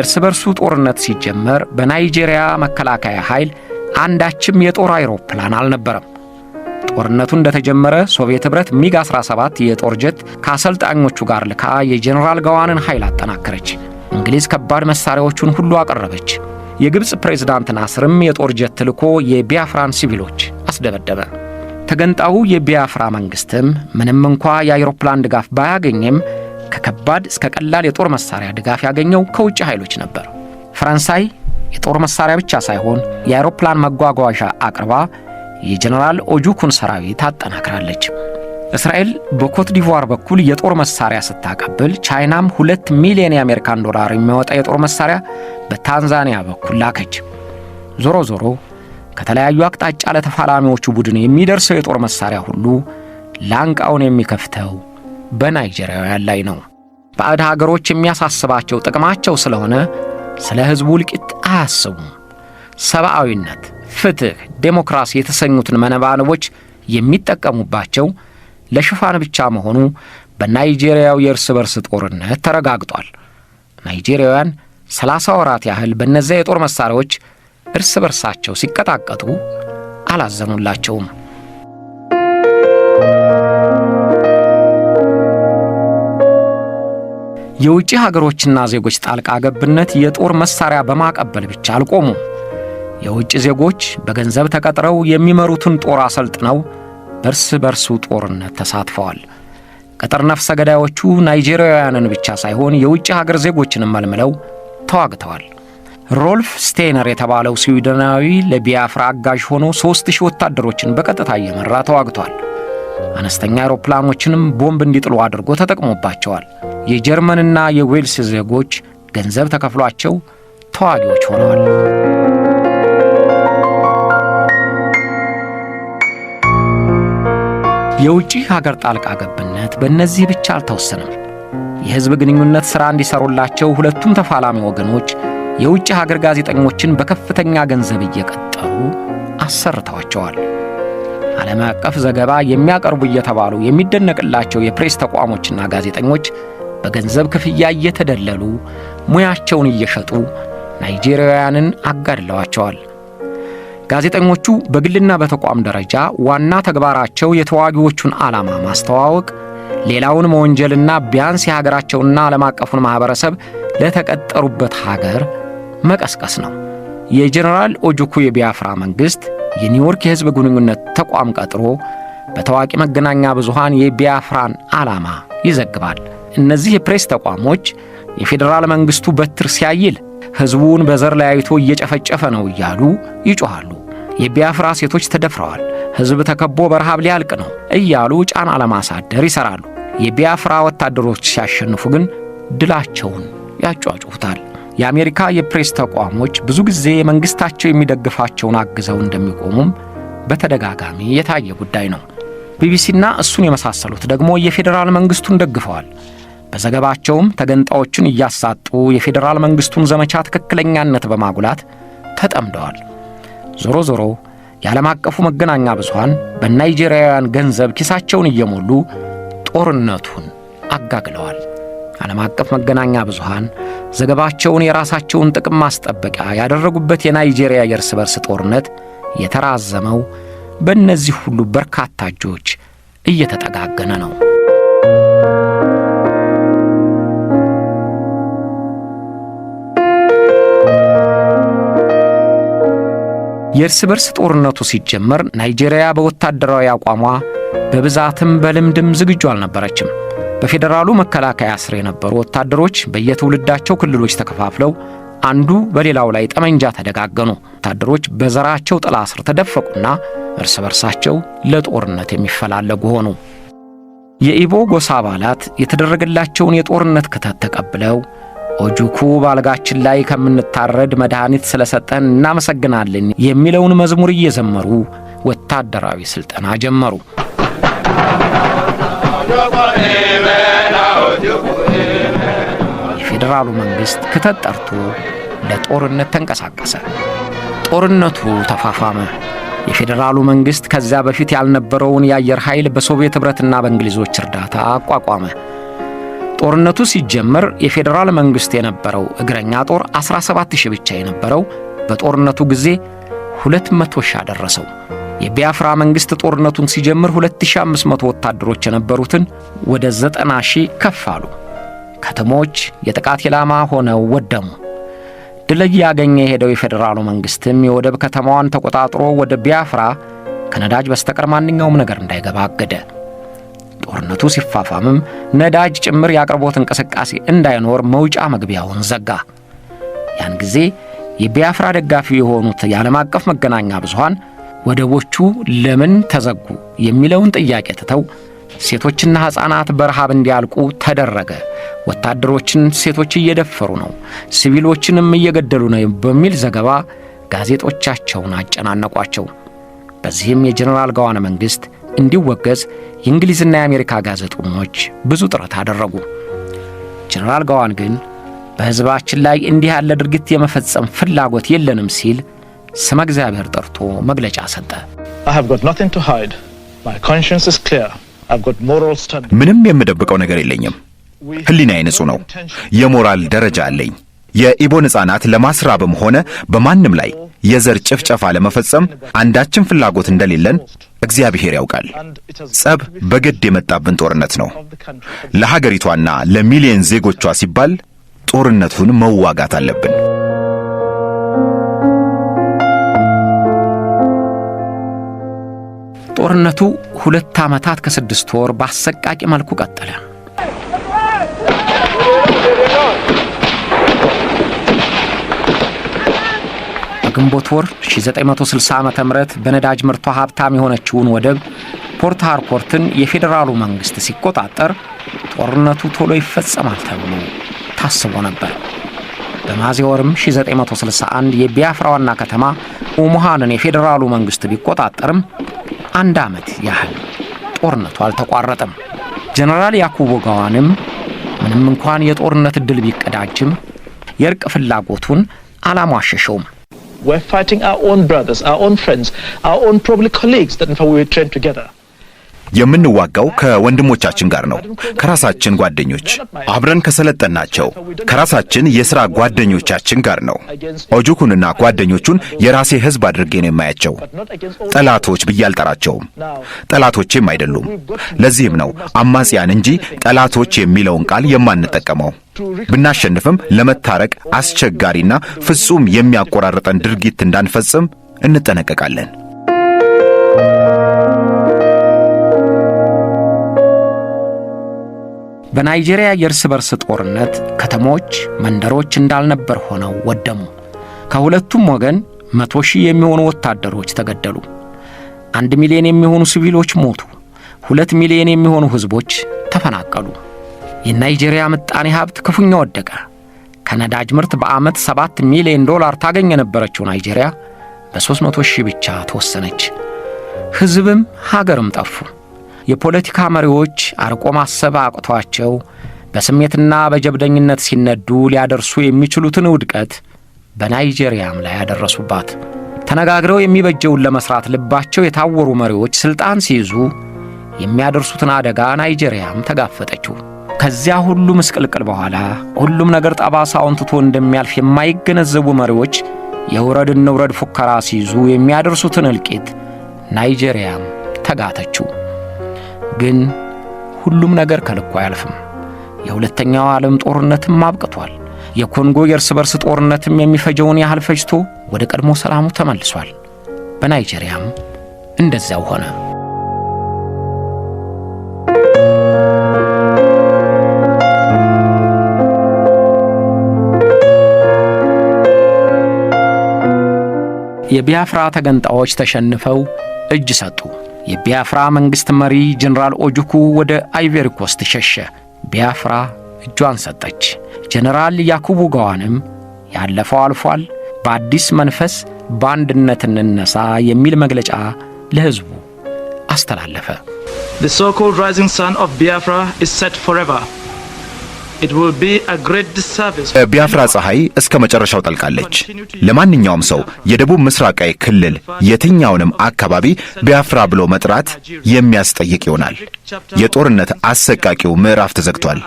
እርስ በርሱ ጦርነት ሲጀመር በናይጄሪያ መከላከያ ኃይል አንዳችም የጦር አይሮፕላን አልነበረም። ጦርነቱ እንደተጀመረ ሶቪየት ኅብረት ሚግ 17 የጦር ጀት ከአሰልጣኞቹ ጋር ልካ የጄኔራል ጋዋንን ኃይል አጠናከረች። እንግሊዝ ከባድ መሣሪያዎቹን ሁሉ አቀረበች። የግብፅ ፕሬዝዳንት ናስርም የጦር ጀት ልኮ የቢያፍራን ሲቪሎች አስደበደበ። ተገንጣው የቢያፍራ መንግሥትም ምንም እንኳ የአይሮፕላን ድጋፍ ባያገኝም ከከባድ እስከ ቀላል የጦር መሳሪያ ድጋፍ ያገኘው ከውጭ ኃይሎች ነበር። ፈረንሳይ የጦር መሳሪያ ብቻ ሳይሆን የአውሮፕላን መጓጓዣ አቅርባ የጀነራል ኦጁኩን ሰራዊት አጠናክራለች። እስራኤል በኮት ዲቯር በኩል የጦር መሳሪያ ስታቀብል፣ ቻይናም ሁለት ሚሊዮን የአሜሪካን ዶላር የሚያወጣ የጦር መሳሪያ በታንዛኒያ በኩል ላከች። ዞሮ ዞሮ ከተለያዩ አቅጣጫ ለተፋላሚዎቹ ቡድን የሚደርሰው የጦር መሳሪያ ሁሉ ላንቃውን የሚከፍተው በናይጄሪያውያን ላይ ነው። ባዕድ ሀገሮች የሚያሳስባቸው ጥቅማቸው ስለሆነ ስለ ሕዝቡ እልቂት አያስቡም። ሰብአዊነት፣ ፍትሕ፣ ዴሞክራሲ የተሰኙትን መነባንቦች የሚጠቀሙባቸው ለሽፋን ብቻ መሆኑ በናይጄሪያው የእርስ በርስ ጦርነት ተረጋግጧል። ናይጄሪያውያን ሰላሳ ወራት ያህል በእነዚያ የጦር መሣሪያዎች እርስ በርሳቸው ሲቀጣቀጡ አላዘኑላቸውም። የውጭ ሀገሮችና ዜጎች ጣልቃ ገብነት የጦር መሳሪያ በማቀበል ብቻ አልቆሙም። የውጭ ዜጎች በገንዘብ ተቀጥረው የሚመሩትን ጦር አሰልጥነው በእርስ በርሱ ጦርነት ተሳትፈዋል። ቅጥር ነፍሰ ገዳዮቹ ናይጄሪያውያንን ብቻ ሳይሆን የውጭ ሀገር ዜጎችንም መልምለው ተዋግተዋል። ሮልፍ ስቴነር የተባለው ስዊድናዊ ለቢያፍራ አጋዥ ሆኖ ሦስት ሺህ ወታደሮችን በቀጥታ እየመራ ተዋግቷል። አነስተኛ አውሮፕላኖችንም ቦምብ እንዲጥሉ አድርጎ ተጠቅሞባቸዋል። የጀርመንና የዌልስ ዜጎች ገንዘብ ተከፍሏቸው ተዋጊዎች ሆነዋል። የውጭ ሀገር ጣልቃ ገብነት በእነዚህ ብቻ አልተወሰነም። የሕዝብ ግንኙነት ሥራ እንዲሰሩላቸው ሁለቱም ተፋላሚ ወገኖች የውጭ ሀገር ጋዜጠኞችን በከፍተኛ ገንዘብ እየቀጠሩ አሰርተዋቸዋል። ዓለም አቀፍ ዘገባ የሚያቀርቡ እየተባሉ የሚደነቅላቸው የፕሬስ ተቋሞችና ጋዜጠኞች በገንዘብ ክፍያ እየተደለሉ ሙያቸውን እየሸጡ ናይጄሪያውያንን አጋድለዋቸዋል። ጋዜጠኞቹ በግልና በተቋም ደረጃ ዋና ተግባራቸው የተዋጊዎቹን ዓላማ ማስተዋወቅ፣ ሌላውን መወንጀልና ቢያንስ የሀገራቸውና ዓለም አቀፉን ማኅበረሰብ ለተቀጠሩበት ሀገር መቀስቀስ ነው። የጀነራል ኦጆኩ የቢያፍራ መንግሥት የኒውዮርክ የሕዝብ ግንኙነት ተቋም ቀጥሮ በታዋቂ መገናኛ ብዙሃን የቢያፍራን ዓላማ ይዘግባል። እነዚህ የፕሬስ ተቋሞች የፌዴራል መንግሥቱ በትር ሲያይል ሕዝቡን በዘር ለያይቶ እየጨፈጨፈ ነው እያሉ ይጮኋሉ። የቢያፍራ ሴቶች ተደፍረዋል፣ ሕዝብ ተከቦ በረሃብ ሊያልቅ ነው እያሉ ጫና ለማሳደር ይሠራሉ። የቢያፍራ ወታደሮች ሲያሸንፉ ግን ድላቸውን ያጫጩሁታል። የአሜሪካ የፕሬስ ተቋሞች ብዙ ጊዜ መንግሥታቸው የሚደግፋቸውን አግዘው እንደሚቆሙም በተደጋጋሚ የታየ ጉዳይ ነው። ቢቢሲና እሱን የመሳሰሉት ደግሞ የፌዴራል መንግሥቱን ደግፈዋል። በዘገባቸውም ተገንጣዮቹን እያሳጡ የፌዴራል መንግሥቱን ዘመቻ ትክክለኛነት በማጉላት ተጠምደዋል። ዞሮ ዞሮ የዓለም አቀፉ መገናኛ ብዙሃን በናይጄሪያውያን ገንዘብ ኪሳቸውን እየሞሉ ጦርነቱን አጋግለዋል። ዓለም አቀፍ መገናኛ ብዙሃን ዘገባቸውን የራሳቸውን ጥቅም ማስጠበቂያ ያደረጉበት የናይጄሪያ የእርስ በርስ ጦርነት የተራዘመው በእነዚህ ሁሉ በርካታ እጆች እየተጠጋገነ ነው። የእርስ በርስ ጦርነቱ ሲጀመር ናይጄሪያ በወታደራዊ አቋሟ በብዛትም በልምድም ዝግጁ አልነበረችም። በፌዴራሉ መከላከያ ስር የነበሩ ወታደሮች በየትውልዳቸው ክልሎች ተከፋፍለው አንዱ በሌላው ላይ ጠመንጃ ተደጋገኑ። ወታደሮች በዘራቸው ጥላ ስር ተደፈቁና እርስ በርሳቸው ለጦርነት የሚፈላለጉ ሆኑ። የኢቦ ጎሳ አባላት የተደረገላቸውን የጦርነት ክተት ተቀብለው ኦጁኩ ባልጋችን ላይ ከምንታረድ መድኃኒት ስለሰጠን እናመሰግናለን የሚለውን መዝሙር እየዘመሩ ወታደራዊ ሥልጠና ጀመሩ። የፌዴራሉ መንግስት ክተት ጠርቶ ለጦርነት ተንቀሳቀሰ። ጦርነቱ ተፋፋመ። የፌዴራሉ መንግስት ከዚያ በፊት ያልነበረውን የአየር ኃይል በሶቪየት ኅብረትና በእንግሊዞች እርዳታ አቋቋመ። ጦርነቱ ሲጀመር የፌዴራል መንግስት የነበረው እግረኛ ጦር 17 ሺህ ብቻ የነበረው በጦርነቱ ጊዜ 200 ሺህ አደረሰው። የቢያፍራ መንግሥት ጦርነቱን ሲጀምር 2500 ወታደሮች የነበሩትን ወደ 90 ሺህ ከፍ አሉ። ከተሞች የጥቃት ኢላማ ሆነው ወደሙ። ድል እያገኘ የሄደው የፌዴራሉ መንግሥትም የወደብ ከተማዋን ተቆጣጥሮ ወደ ቢያፍራ ከነዳጅ በስተቀር ማንኛውም ነገር እንዳይገባ አገደ። ጦርነቱ ሲፋፋምም ነዳጅ ጭምር የአቅርቦት እንቅስቃሴ እንዳይኖር መውጫ መግቢያውን ዘጋ። ያን ጊዜ የቢያፍራ ደጋፊ የሆኑት የዓለም አቀፍ መገናኛ ብዙሃን ወደቦቹ ለምን ተዘጉ የሚለውን ጥያቄ ትተው ሴቶችና ሕፃናት በረሃብ እንዲያልቁ ተደረገ። ወታደሮችን ሴቶች እየደፈሩ ነው፣ ሲቪሎችንም እየገደሉ ነው በሚል ዘገባ ጋዜጦቻቸውን አጨናነቋቸው። በዚህም የጀኔራል ገዋነ መንግሥት እንዲወገዝ የእንግሊዝና የአሜሪካ ጋዜጠኞች ብዙ ጥረት አደረጉ። ጀኔራል ጋዋን ግን በሕዝባችን ላይ እንዲህ ያለ ድርጊት የመፈጸም ፍላጎት የለንም ሲል ስመ እግዚአብሔር ጠርቶ መግለጫ ሰጠ። ምንም የምደብቀው ነገር የለኝም። ሕሊናዬ ንጹሕ ነው። የሞራል ደረጃ አለኝ። የኢቦን ሕፃናት ለማስራብም ሆነ በማንም ላይ የዘር ጭፍጨፋ ለመፈጸም አንዳችን ፍላጎት እንደሌለን እግዚአብሔር ያውቃል። ጸብ በግድ የመጣብን ጦርነት ነው። ለሀገሪቷና ለሚሊዮን ዜጎቿ ሲባል ጦርነቱን መዋጋት አለብን። ጦርነቱ ሁለት ዓመታት ከስድስት ወር በአሰቃቂ መልኩ ቀጠለ። በግንቦት ወር 1960 ዓ ም በነዳጅ ምርቷ ሀብታም የሆነችውን ወደብ ፖርት ሃርኮርትን የፌዴራሉ መንግሥት ሲቆጣጠር ጦርነቱ ቶሎ ይፈጸማል ተብሎ ታስቦ ነበር። በሚያዝያ ወርም 1961 የቢያፍራ ዋና ከተማ ኡሙሃንን የፌዴራሉ መንግሥት ቢቆጣጠርም አንድ ዓመት ያህል ጦርነቱ አልተቋረጠም። ጀነራል ያኩብ ወጋዋንም ምንም እንኳን የጦርነት እድል ቢቀዳጅም የእርቅ ፍላጎቱን አላሟሸሸውም። We're fighting our own brothers, our own friends, our own probably colleagues that in fact we were trained together. የምንዋጋው ከወንድሞቻችን ጋር ነው፣ ከራሳችን ጓደኞች አብረን ከሰለጠናቸው ከራሳችን የሥራ ጓደኞቻችን ጋር ነው። ኦጁኩንና ጓደኞቹን የራሴ ሕዝብ አድርጌ ነው የማያቸው። ጠላቶች ብዬ አልጠራቸውም፣ ጠላቶቼም አይደሉም። ለዚህም ነው አማጽያን እንጂ ጠላቶች የሚለውን ቃል የማንጠቀመው። ብናሸንፍም ለመታረቅ አስቸጋሪና ፍጹም የሚያቆራርጠን ድርጊት እንዳንፈጽም እንጠነቀቃለን። በናይጄሪያ የእርስ በርስ ጦርነት ከተሞች፣ መንደሮች እንዳልነበር ሆነው ወደሙ። ከሁለቱም ወገን መቶ ሺህ የሚሆኑ ወታደሮች ተገደሉ። አንድ ሚሊዮን የሚሆኑ ሲቪሎች ሞቱ። ሁለት ሚሊዮን የሚሆኑ ሕዝቦች ተፈናቀሉ። የናይጄሪያ ምጣኔ ሀብት ክፉኛ ወደቀ። ከነዳጅ ምርት በዓመት 7 ሚሊዮን ዶላር ታገኝ የነበረችው ናይጄሪያ በ300 ሺህ ብቻ ተወሰነች። ሕዝብም ሀገርም ጠፉ። የፖለቲካ መሪዎች አርቆ ማሰብ አቅቷቸው በስሜትና በጀብደኝነት ሲነዱ ሊያደርሱ የሚችሉትን ውድቀት በናይጄሪያም ላይ ያደረሱባት። ተነጋግረው የሚበጀውን ለመስራት ልባቸው የታወሩ መሪዎች ስልጣን ሲይዙ የሚያደርሱትን አደጋ ናይጄሪያም ተጋፈጠችው። ከዚያ ሁሉ ምስቅልቅል በኋላ ሁሉም ነገር ጠባሳውን ትቶ እንደሚያልፍ የማይገነዘቡ መሪዎች የውረድን ውረድ ፉከራ ሲይዙ የሚያደርሱትን እልቂት ናይጄሪያም ተጋተችው። ግን ሁሉም ነገር ከልኩ አያልፍም። የሁለተኛው ዓለም ጦርነትም አብቅቷል። የኮንጎ የእርስ በርስ ጦርነትም የሚፈጀውን ያህል ፈጅቶ ወደ ቀድሞ ሰላሙ ተመልሷል። በናይጄሪያም እንደዚያው ሆነ። የቢያፍራ ተገንጣዎች ተሸንፈው እጅ ሰጡ። የቢያፍራ መንግሥት መሪ ጀኔራል ኦጁኩ ወደ አይቬሪኮስት ሸሸ። ቢያፍራ እጇን ሰጠች። ጀነራል ያኩቡ ጋዋንም ያለፈው አልፏል፣ በአዲስ መንፈስ በአንድነት እንነሳ የሚል መግለጫ ለሕዝቡ አስተላለፈ። The so-called rising sun of Biafra is set forever. ቢያፍራ eh, ፀሐይ እስከ መጨረሻው ጠልቃለች። ለማንኛውም ሰው የደቡብ ምስራቃዊ ክልል የትኛውንም አካባቢ ቢያፍራ ብሎ መጥራት የሚያስጠይቅ ይሆናል። የጦርነት አሰቃቂው ምዕራፍ ተዘግቷል።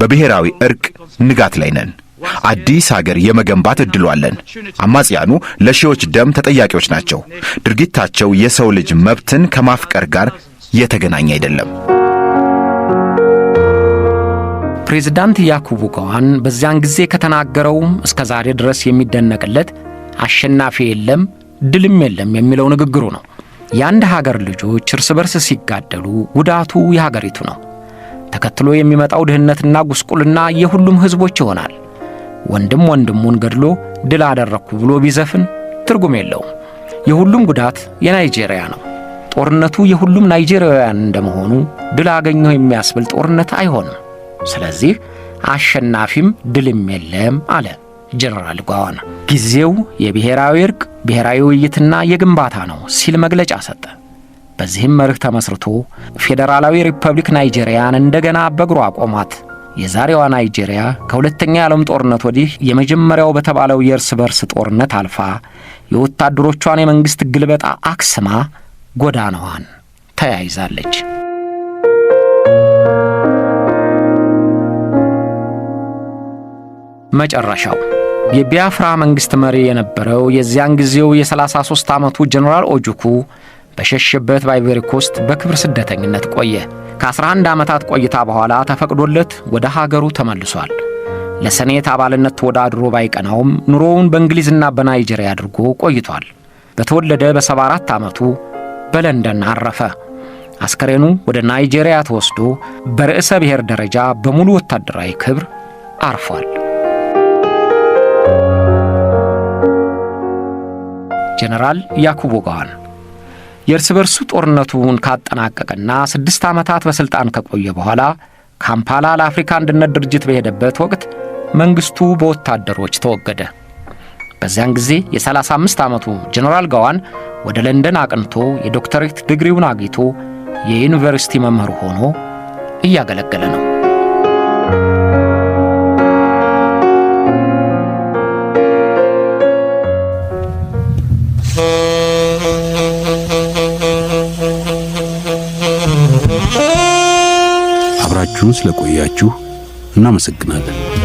በብሔራዊ እርቅ ንጋት ላይ ነን። አዲስ ሀገር የመገንባት እድሏለን። አማጽያኑ ለሺዎች ደም ተጠያቂዎች ናቸው። ድርጊታቸው የሰው ልጅ መብትን ከማፍቀር ጋር የተገናኘ አይደለም። ፕሬዝዳንት ያኩቡ ከዋን በዚያን ጊዜ ከተናገረው እስከ ዛሬ ድረስ የሚደነቅለት አሸናፊ የለም ድልም የለም የሚለው ንግግሩ ነው። የአንድ ሀገር ልጆች እርስ በርስ ሲጋደሉ ጉዳቱ የሀገሪቱ ነው። ተከትሎ የሚመጣው ድህነትና ጉስቁልና የሁሉም ሕዝቦች ይሆናል። ወንድም ወንድሙን ገድሎ ድል አደረግኩ ብሎ ቢዘፍን ትርጉም የለውም። የሁሉም ጉዳት የናይጄሪያ ነው። ጦርነቱ የሁሉም ናይጄሪያውያን እንደመሆኑ ድል አገኘሁ የሚያስብል ጦርነት አይሆንም። ስለዚህ አሸናፊም ድልም የለም አለ ጀነራል ጓዋና። ጊዜው የብሔራዊ እርቅ፣ ብሔራዊ ውይይትና የግንባታ ነው ሲል መግለጫ ሰጠ። በዚህም መርህ ተመስርቶ ፌዴራላዊ ሪፐብሊክ ናይጄሪያን እንደገና በእግሯ አቆማት። የዛሬዋ ናይጄሪያ ከሁለተኛ የዓለም ጦርነት ወዲህ የመጀመሪያው በተባለው የእርስ በርስ ጦርነት አልፋ የወታደሮቿን የመንግሥት ግልበጣ አክስማ ጎዳናዋን ተያይዛለች። መጨረሻው የቢያፍራ መንግሥት መሪ የነበረው የዚያን ጊዜው የ33 ዓመቱ ጀኔራል ኦጁኩ በሸሸበት በአይቮሪ ኮስት በክብር ስደተኝነት ቆየ። ከ11 ዓመታት ቆይታ በኋላ ተፈቅዶለት ወደ ሀገሩ ተመልሷል። ለሰኔት አባልነት ተወዳድሮ ባይቀናውም ኑሮውን በእንግሊዝና በናይጄሪያ አድርጎ ቆይቷል። በተወለደ በ74 ዓመቱ በለንደን አረፈ። አስከሬኑ ወደ ናይጄሪያ ተወስዶ በርዕሰ ብሔር ደረጃ በሙሉ ወታደራዊ ክብር አርፏል። ጀነራል ያኩቡ ጋዋን የእርስ በርሱ ጦርነቱን ካጠናቀቀና ስድስት ዓመታት በሥልጣን ከቆየ በኋላ ካምፓላ ለአፍሪካ አንድነት ድርጅት በሄደበት ወቅት መንግሥቱ በወታደሮች ተወገደ። በዚያን ጊዜ የ35 ዓመቱ ጀነራል ጋዋን ወደ ለንደን አቅንቶ የዶክተሬት ድግሪውን አግኝቶ የዩኒቨርሲቲ መምህር ሆኖ እያገለገለ ነው። አብራችሁን ስለቆያችሁ እናመሰግናለን።